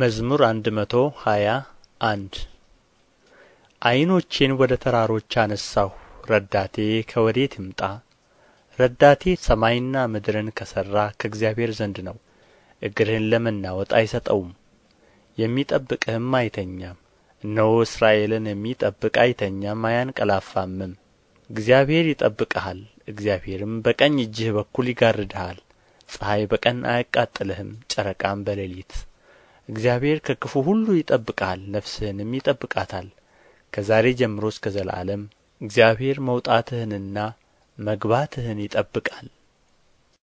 መዝሙር መቶ ሃያ አንድ ዐይኖቼን ወደ ተራሮች አነሣሁ ረዳቴ ከወዴት ይምጣ ረዳቴ ሰማይና ምድርን ከሠራ ከእግዚአብሔር ዘንድ ነው እግርህን ለመናወጥ አይሰጠውም የሚጠብቅህም አይተኛም እነሆ እስራኤልን የሚጠብቅ አይተኛም አያንቀላፋምም እግዚአብሔር ይጠብቅሃል እግዚአብሔርም በቀኝ እጅህ በኩል ይጋርድሃል ፀሐይ በቀን አያቃጥልህም ጨረቃም በሌሊት እግዚአብሔር ከክፉ ሁሉ ይጠብቃል ነፍስህንም ይጠብቃታል ከዛሬ ጀምሮ እስከ ዘላለም እግዚአብሔር መውጣትህንና መግባትህን ይጠብቃል